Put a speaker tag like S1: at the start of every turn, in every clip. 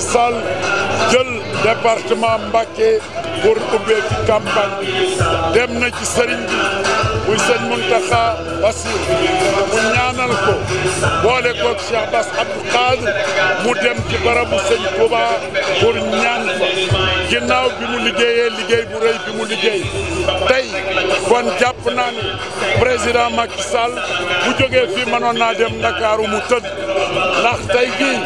S1: sol jël département Mbacké pour ubbee ci campagne dem na ci sëriñ bi muy sëñ Muntaxa Basir mu ñaanal ko boole ko Cheikh Bass Abdou Khadre mu dem ci barabu sëñ Touba pour ñaan fa ginnaaw bi mu liggéeyee liggéey bu rëy bi mu liggéey tey kon jàpp naa ne président Macky Sall jóge fi fii mënoon naa dem Ndakaaru mu tëdd ndax tey jii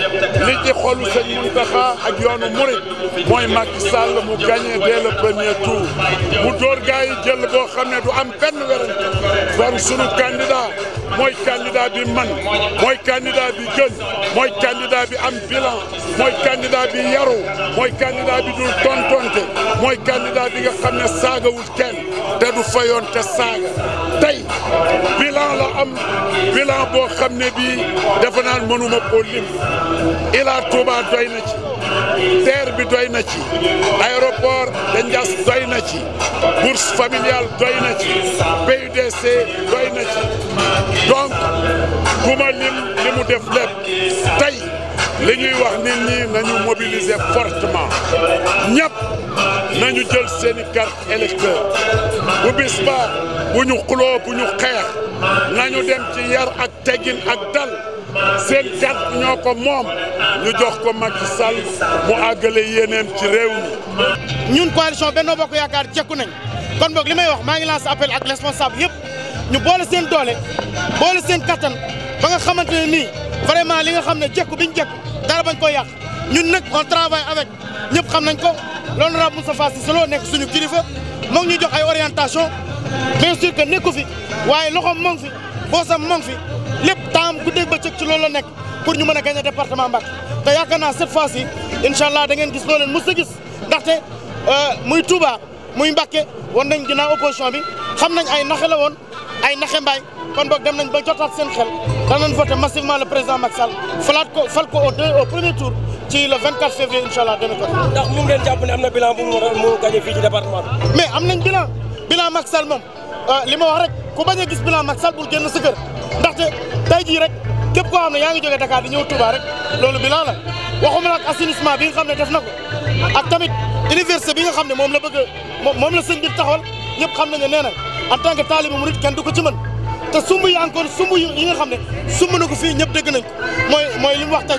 S1: li ci xolu sëñ ak yoonu mu ni mooy Macky Sall mu gagné dès le premier tour mu door gaa yi jël boo xam ne du am benn werante kon sunu candidat mooy candidat bi man mooy candidat bi gën mooy candidat bi am bilan mooy candidat bi yaru mooy candidat bi dul tontonte mooy candidat bi nga xam ne saagawul kenn te du fayoon te saaga tey bilan la am bilan bo xam bi dafa naan mënuma koo lim Ila Touba doy na ci terre bi doy na ci aéroport dañ Ndiass doy na ci bourse familiale doy na ci PUDC doy na ci donc kuma lim limu def lépp tay liñuy wax nit ñi nañu mobiliser fortement ñëpp nañu jël seeni carte électeur bu bis ba bu ñu xuloo bu ñu xeex nañu dem ci yar ak teggin ak dal seen carte ñoo ko moom ñu jox ko Macky Sall mu àggale yéeneem ci réew mi.
S2: ñun coalition Benno Bokk Yaakaar cekku nañ kon boog li may wax maa ngi lancé appel ak responsable yëpp ñu boole seen doole boole seen kattan ba nga xamante ne nii vraiment li nga xam ne jekku biñ jekku dara bañ koy yàq. ñun nag on travaille avec ñëpp xam nañ ko l'honorable Moustapha Cissé Lo nekk suñu kilifa mo ngi jox ay orientation bien sûr que nekku fi waaye loxoom moo ngi fi boosam mo ngi fi lepp tam ku deg bëccëg ci loolu la nekk pour ñu mëna gagner département Mbacké te yakana cette fois ci inshallah da ngeen gis loo leen mës a gis ndaxte euh, muy Touba muy Mbacké won nañ dina opposition bi xam nañ ay naxe la woon ay naxé mbaay kon bok dem nañ ba jotat seen xel da nañ voter massivement le président Macky Sall falaat ko fal ko au deux au premier tour ci le 24 février incha allah dana ko.
S3: ndax mu ngeen jàpp ne am na bilan bu mu
S2: war fii ci département bi. mais am nañ bilan bilan Macky Sall moom euh, li ma wax rek ku bañ gis bilan Macky Sall bul génn sa kër ndaxte tey jii rek képp koo xam ne yaa ngi jógee Dakar di ñëw Touba rek loolu bilan la waxuma la ak bi nga xam ne def na ko ak tamit université bi nga xam ne moom la bëgg a moom la sëñ bi taxawal ñëpp xam nañ ne nee na en tant que taalibe murid kenn du ci mën. te sumb yi encore sumb yi nga xam ne sumb ko fii ñëpp dégg nañ mooy mooy mu wax tey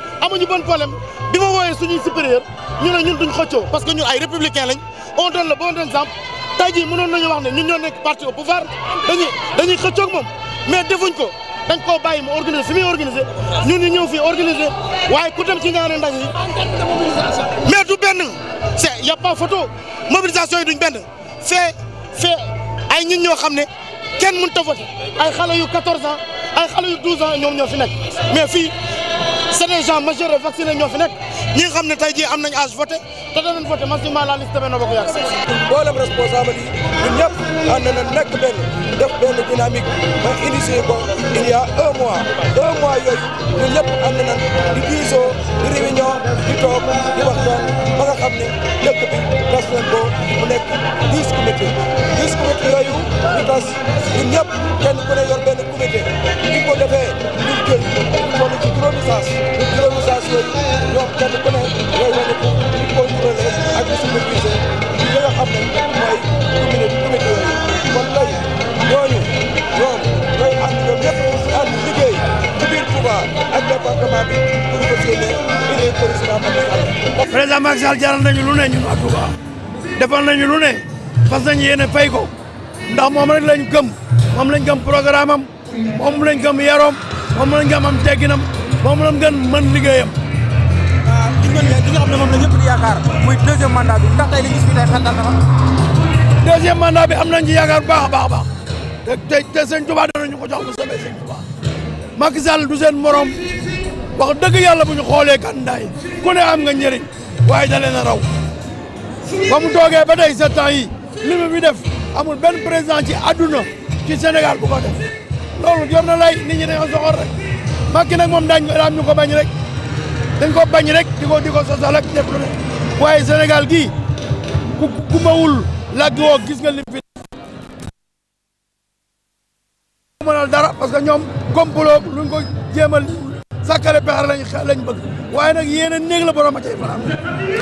S2: amuñu bon problème bima woyé suñu supérieur ñu ne ñun duñ parce que nous ay républicains, lañ on donne le bon exemple on nañu wax nous ñun ñoo parti au pouvoir dañuy dañuy sommes mom mais defuñ ko dañ Nous organiser organiser ñun organiser ku dem ci mais du Il c'est a pas photo mobilisation yi duñ ben c'est c'est ay ñoo 14 ans 12 ans mais c'est des gens majeurs vaccinés ñoo fi nekk xam ne tey jii am nañ âge voté te danañ voté massivement la liste Benno Bokk Yaakaar.
S4: mboolem responsable yi ñun ñëpp ànd na nekk benn def benn dynamique ba initié ko il y a un mois un mois yooyu ñun ñëpp ànd nañ di diisoo di réunion di toog di waxtaan ba nga xam ne dëkk bi tas nañ ko mu nekk dix comité dix comité yooyu ñu tas ñun ñëpp kenn ku ne yor benn comité. maîtriser li nga xam ne mooy commune commune yooyu kon tey ñooñu ñoom ñooy ànd ñoom ñëpp ànd liggéey ci biir Touba ak département bi pour fas yéene indi président Macky Sall. président Macky Sall jaral nañu lu ne ñun ak Touba defal nañu lu ne fas nañu fay ko ndax moom rek lañ gëm moom lañ gëm programme moom lañ gëm yaroom moom lañ gëm am tegginam moom lañ gën mën liggéeyam. li nga xam ne moom la ñëpp di yaakaar bi am nañ ci yaakaar a baax baax te te sëñ Touba danañu ko jox bu soobee sëñ Touba Macky Sall morom wax dëgg yàlla bu ñu xoolee candidat yi ku am nga njëriñ waaye da leen a raw ba mu toogee ba tey sept ans yi li mu fi def amul benn président ci àdduna ci Sénégal bu ko def loolu yor na lay nit ñi dañoo soxor rek Macky nag moom daañu ko bañ rek. dañ ko bañ rek di ko di ko sosal def lu ne waaye Sénégal gi ku ku mawul gis nga li fi mënal dara parce que ñoom complot luñ ko jéemal sàkkale pexar lañ lañ bëgg waaye nag yéen a néeg la borom a cay fanaan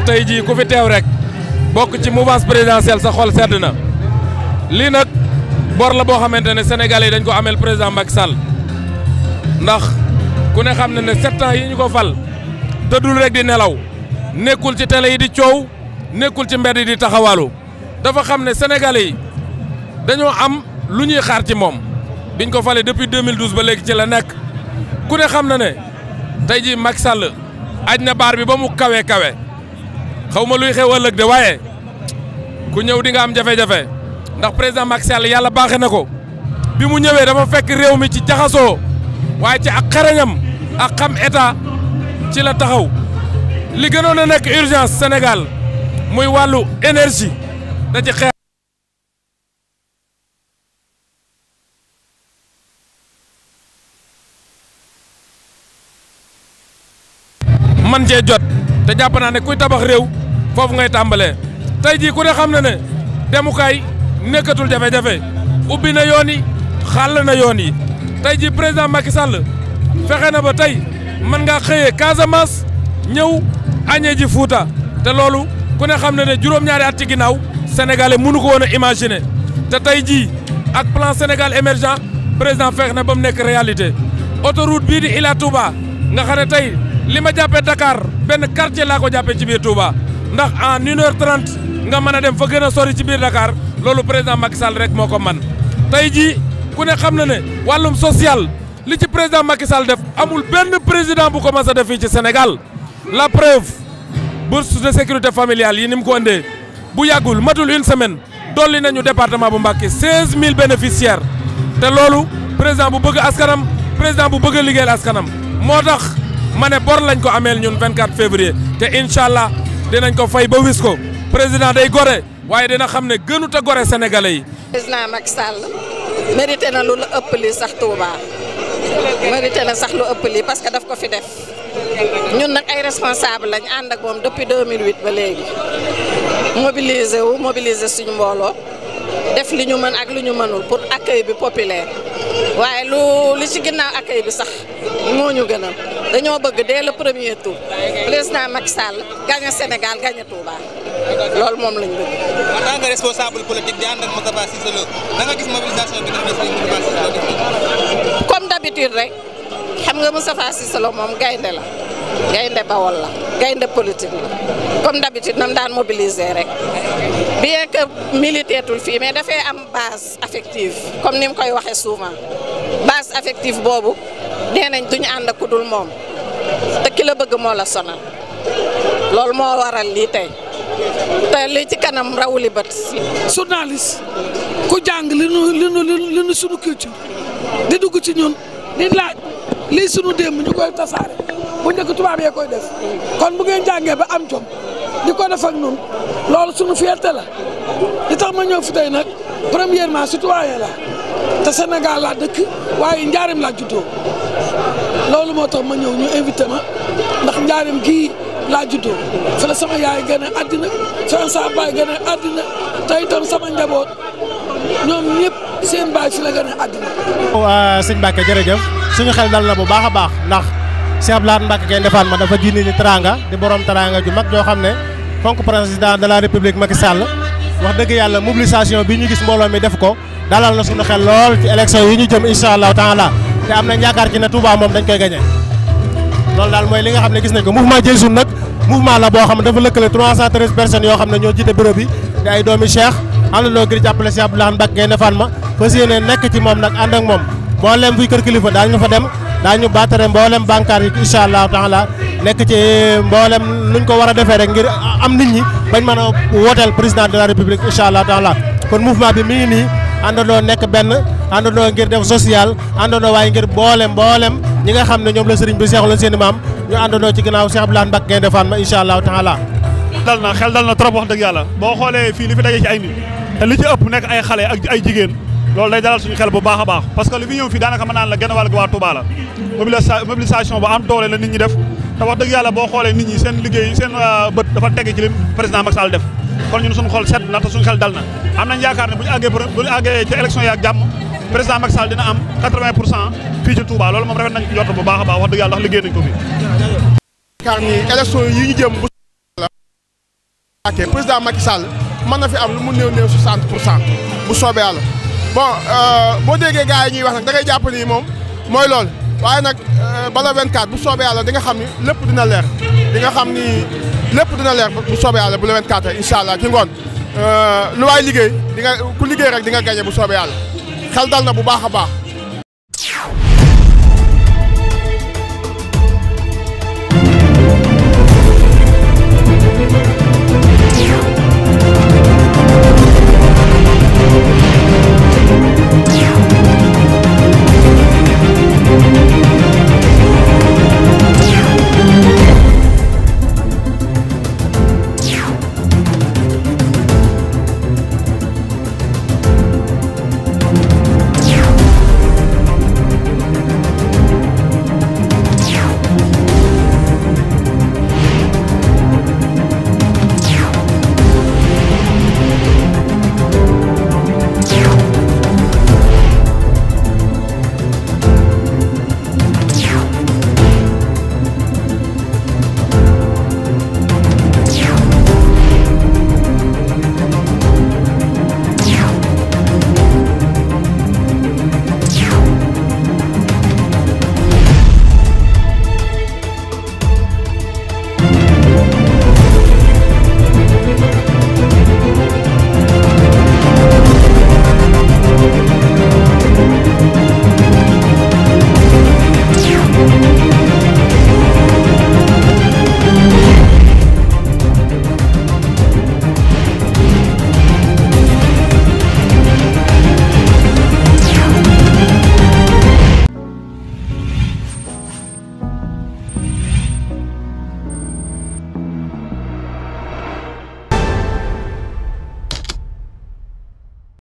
S3: tey jii ku fi teew rek bokk ci mouvance présidentielle sa xol sedd na lii nag bor la boo xamante ne Sénégalais yi dañ ko ameel président Macky Sall ndax ku ne xam na ne sept ans yi ñu ko fal tëddul rek di nelaw nekkul ci télé yi di coow nekkul ci mbedd yi di taxawalu dafa xam ne sénégalais yi dañoo am lu ñuy xaar ci moom biñ ko fale depuis 2012 ba léegi ci la nekk ku ne xam na ne tey ji Macky Sall aj na baar bi ba mu kawee kawee xaw ma luy xew ëllëg de waaye ku ñëw di nga am jafe-jafe ndax président Macky Sall yàlla baaxe na ko bi mu ñëwee dafa fekk réew mi ci jaxasoo waaye ci ak xarañam ak xam état. ci la taxaw li gënoon a nekk urgence Sénégal muy wàllu énergie da ci xeex man cee jot te jàpp naa ne kuy tabax réew foofu ngay tàmbalee tey jii ku ne xam na ne demukaay nekkatul jafe-jafe ubbi na yoon yi xàll na yoon yi tey ji président Macky Sall fexe na ba tey man nga xëyee Casamance ñëw añee ji Fuuta te loolu ku ne xam ne ne juróom-ñaari at ci ginnaaw sénégalais mënu ko woon te tey jii ak plan Sénégal émergent président feex na ba mu nekk réalité autoroute bii di Ila Touba nga xam tey li ma jàppee Dakar benn quartier laa ko jàppee ci biir Touba ndax en une nga mën a dem fa gën a sori ci biir Dakar loolu président Macky Sall rek moo ko man tey jii ku ne xam na ne wàllum social li ci président Macky Sall def amul benn président bu commencé def ci Sénégal la preuve bourse de sécurité familiale yi nim ko andee bu yàggul matul une semaine dolli nañu département bu Mbacké 16000 bénéficiaires te loolu président bu bëgg askanam président bu bëgg liggéeyal askanam moo tax ma ne bor lañ ko ameel ñun 24 février te incha allah dinañ ko fay ba wis président day gore waaye dina xam ne gënut a gore sénégalais yi.
S5: président Macky Sall mérité na lu la ëpp li sax Touba. mérité na sax lu ëpp lii parce que daf ko fi def ñun nag ay responsable lañ ànd ak moom depuis 2008 ba léegi mobiliser wu mobiliser suñu mbooloo def li ñu mën ak lu ñu mënul pour accueil bi populaire waaye lu li ci ginnaaw accueil bi sax moo ñu gënal dañoo bëgg dès le premier tour président Macky sàll gagné senegal gagné Touba loolu moom lañu bëgg. en nga Moustapha Cissé la moom gaynde la gaynde bawol la gaynde politique la comme d' habitude nam daan mobiliser rek bien que militeetul fii mais dafay am base affective comme ni mu koy waxee souvent base affective boobu nee nañ duñu ànd ku dul moom te ki la bëgg moo la sonal loolu moo waral lii tey te li ci kanam rawuli bët. journaliste ku
S3: jàng li nu li nu li nu suñu culture di dugg ci ñun di laaj lii
S4: sunu démb ñu koy tasaare bu njëkk tubaab yee koy def kon bu ngeen jàngee ba am jom di ko def ak nun loolu sunu fierté la li tax ma ñëw fi tey nag
S3: premièrement citoyen la te Sénégal laa dëkk waaye njaarim laa juddoo loolu moo tax ma ñëw ñu invité ma ndax njaarim gii laa juddoo fa la sama yaay gën a àddina fa sama baay gën a àddina te sama njaboot ñoom ñëpp seen baay fi la gën
S2: a suñu xel dal na bu baax a baax ndax Cheikh Abdou Lahad Mbacké Gaïndé Fatma dafa ji nit di borom teraanga ju mag joo xam ne fonk président de la république Macky Sall wax dëgg yàlla mobilisation bi ñu gis mbooloo mi def ko dalal na suñu xel lool ci élection yi ñu jëm incha allahu taala te am nañ yaakaar ci ne Touba moom dañ koy gagné loolu daal mooy li nga xam ne gis nañ ko mouvement Jël nag mouvement la boo xam ne dafa lëkkale 313 personnes yoo xam ne ñoo jiite bureau bi di ay doomi Cheikh àndandoo moom nag ànd moom mboolem buy kër kilifa daañu fa dem daañu baatare mboolem bànkaar yi incha allahu taala nekk ci mboolem nuñ ko war a defee rek ngir am nit ñi bañ mën a wooteel président de la république incha allahu taala kon mouvement bi mi ngi nii àndandoo nekk benn àndandoo ngir def social àndandoo waaye ngir boolem mboolem ñi nga xam ne ñoom la sëriñ bi seexaloon seen i maam ñu àndandoo ci ginnaaw Cheikh Abdoulaye Mbacké Gaïndé Fatma incha allahu taala dal na xel dal na trop wax dëgg yàlla boo xoolee fii li fi li ci ëpp nekk ay xale ak ay jigéen loolu day dalal suñu xel bu baax a baax parce que li fi ñëw fii daanaka mën naan la genn wàll gi waa Touba la mobilisation bu am doole la def te wax dëgg yàlla boo xoolee nit ñi seen liggéey seen euh, bët dafa teg ci li président Macky def kon ñun suñu xol set na te suñu xel dal na am nañ yaakaar ne bu àggee bu àggee ci élection yi jàmm président Macky dina am 80 pour cent fii ci Touba loolu moom rafet nañ ko bu baax a baax wax dëgg yàlla ndax liggéey nañ ko fi
S4: yaakaar ni élection yi
S2: ñu jëm bu fi am lu mu néew néew 60 pour cent bu bon euh bo déggé gaay ñi wax nak da ngay japp ni mom moy lool waye nak euh, bala 24 bu soobé yalla di nga xam ni lepp dina leer di nga xam ni lepp dina leer bu soobé yalla bu 24 inshallah ci ngone euh lu way liggéey di nga ku liggéey rek di nga gagner bu soobé yalla xel dal na bu baaxa baax